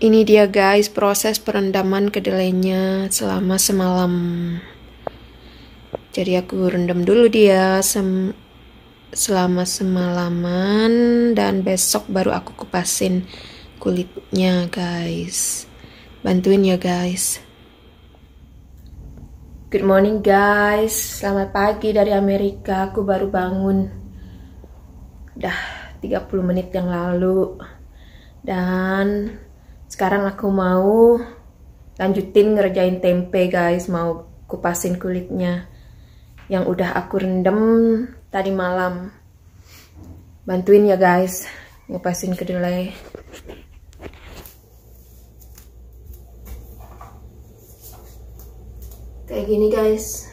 Ini dia guys proses perendaman kedelainya selama semalam. Jadi aku rendam dulu dia sem selama semalaman dan besok baru aku kupasin kulitnya guys. Bantuin ya guys. Good morning guys. Selamat pagi dari Amerika. Aku baru bangun. Dah 30 menit yang lalu. Dan sekarang aku mau lanjutin ngerjain tempe guys mau kupasin kulitnya yang udah aku rendam tadi malam bantuin ya guys ngupasin kedelai kayak gini guys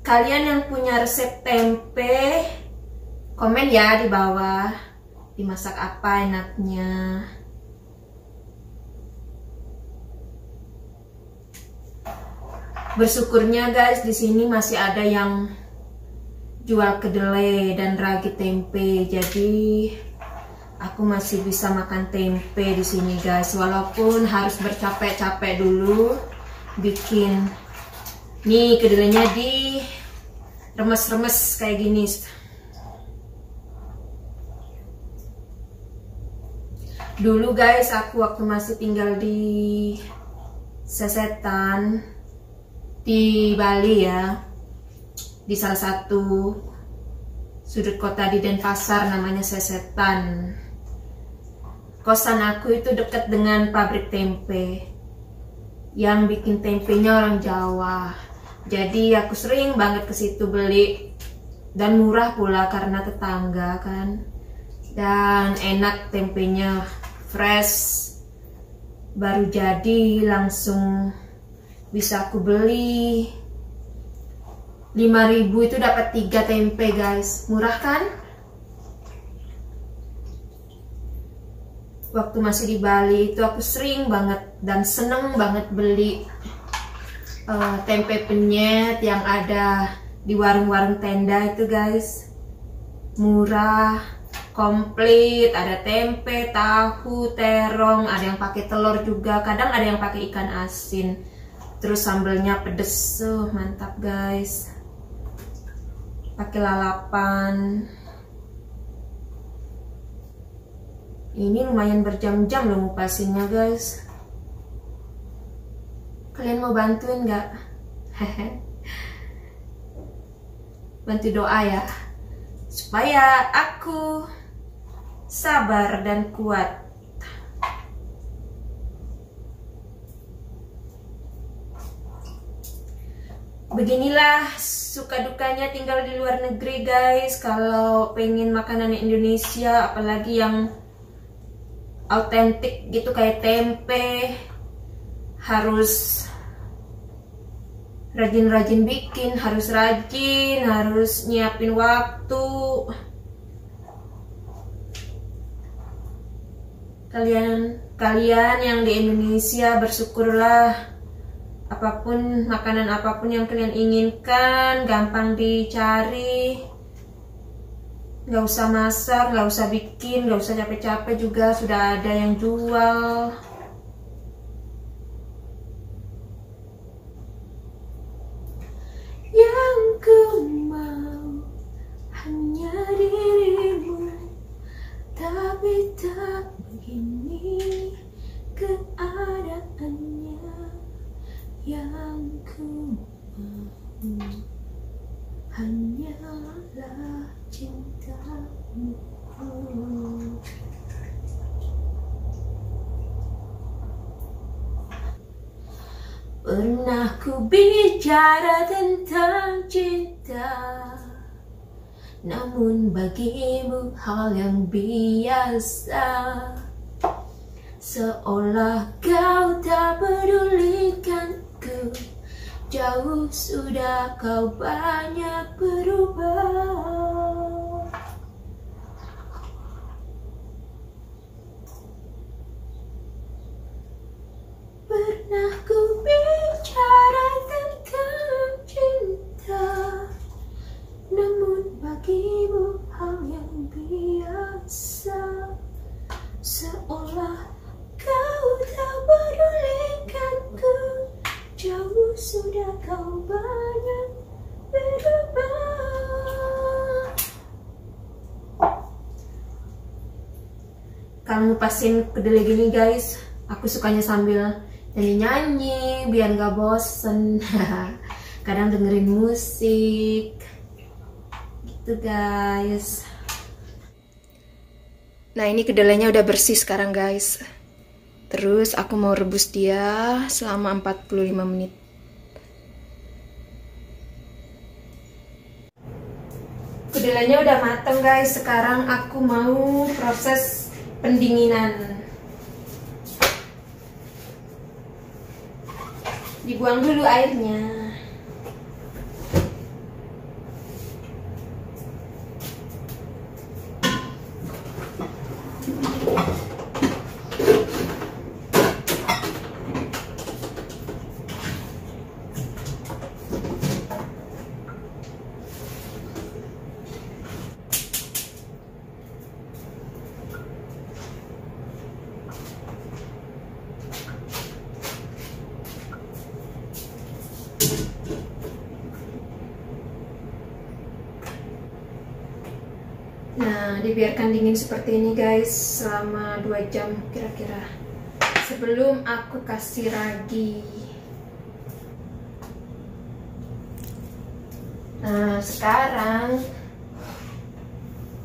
kalian yang punya resep tempe Komen ya di bawah dimasak apa enaknya. Bersyukurnya guys di sini masih ada yang jual kedelai dan ragi tempe. Jadi aku masih bisa makan tempe di sini guys walaupun harus bercapek-capek dulu bikin nih kedelainya di remes-remes kayak gini dulu guys aku waktu masih tinggal di sesetan di Bali ya di salah satu sudut kota di Denpasar namanya sesetan kosan aku itu dekat dengan pabrik tempe yang bikin tempenya orang Jawa jadi aku sering banget ke situ beli dan murah pula karena tetangga kan dan enak tempenya fresh baru jadi langsung bisa aku beli 5000 itu dapat 3 tempe guys murah kan waktu masih di Bali itu aku sering banget dan seneng banget beli uh, tempe penyet yang ada di warung-warung tenda itu guys murah komplit, ada tempe, tahu, terong, ada yang pakai telur juga, kadang ada yang pakai ikan asin. Terus sambelnya pedes, uh, mantap guys. Pakai lalapan. Ini lumayan berjam-jam loh ngupasinnya guys. Kalian mau bantuin nggak? Bantu doa ya supaya aku sabar dan kuat. Beginilah suka dukanya tinggal di luar negeri guys Kalau pengen makanan Indonesia apalagi yang autentik gitu kayak tempe Harus rajin-rajin bikin, harus rajin, harus nyiapin waktu Kalian kalian yang di Indonesia bersyukurlah apapun makanan apapun yang kalian inginkan gampang dicari nggak usah masak nggak usah bikin nggak usah capek-capek juga sudah ada yang jual yang ku dirimu tapi tak ini keadaannya yang ku mau hanyalah cintamu Pernah ku bicara tentang cinta Namun bagimu hal yang biasa Seolah kau tak pedulikan ku, Jauh sudah kau banyak berubah akan ngupasin kedelai gini guys aku sukanya sambil nyanyi-nyanyi biar gak bosen kadang dengerin musik gitu guys nah ini kedelainya udah bersih sekarang guys terus aku mau rebus dia selama 45 menit kedelainya udah mateng guys sekarang aku mau proses pendinginan dibuang dulu airnya Nah, dibiarkan dingin seperti ini guys selama 2 jam kira-kira. Sebelum aku kasih ragi. Nah, sekarang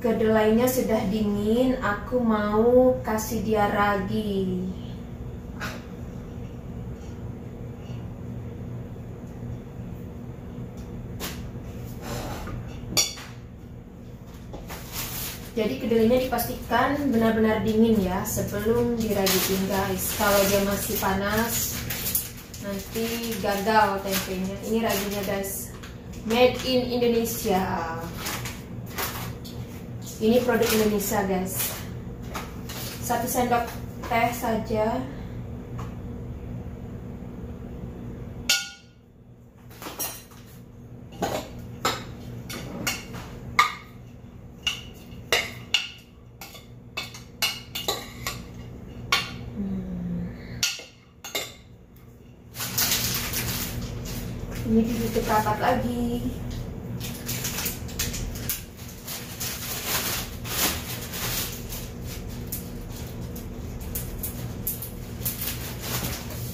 kedelainya sudah dingin, aku mau kasih dia ragi. Jadi kedelainya dipastikan benar-benar dingin ya sebelum diragitin guys. Kalau dia masih panas nanti gagal tempenya. Ini raginya guys. Made in Indonesia. Ini produk Indonesia guys. Satu sendok teh saja ini ditutup rapat lagi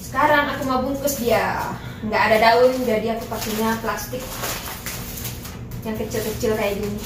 sekarang aku mau bungkus dia nggak ada daun jadi aku pakainya plastik yang kecil-kecil kayak gini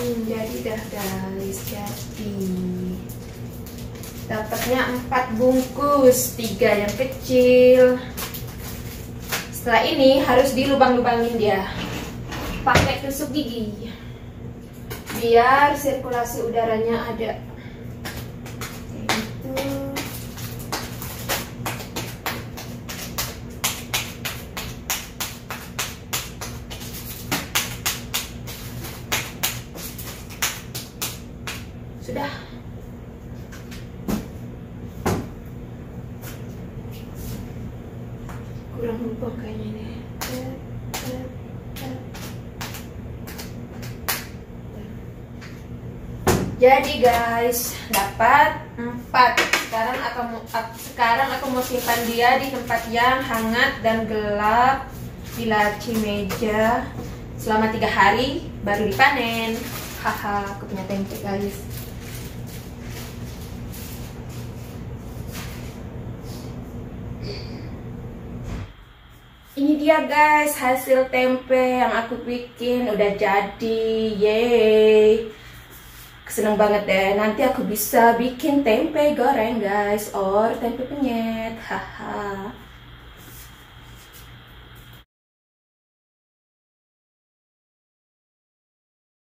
jadi dah guys jadi dapatnya empat bungkus tiga yang kecil setelah ini harus dilubang-lubangin dia pakai tusuk gigi biar sirkulasi udaranya ada kurang lupa kayaknya nih jadi guys dapat 4 sekarang aku sekarang aku mau simpan dia di tempat yang hangat dan gelap di laci meja selama tiga hari baru dipanen haha aku punya tempe guys ini dia guys hasil tempe yang aku bikin udah jadi yeay seneng banget deh nanti aku bisa bikin tempe goreng guys or tempe penyet haha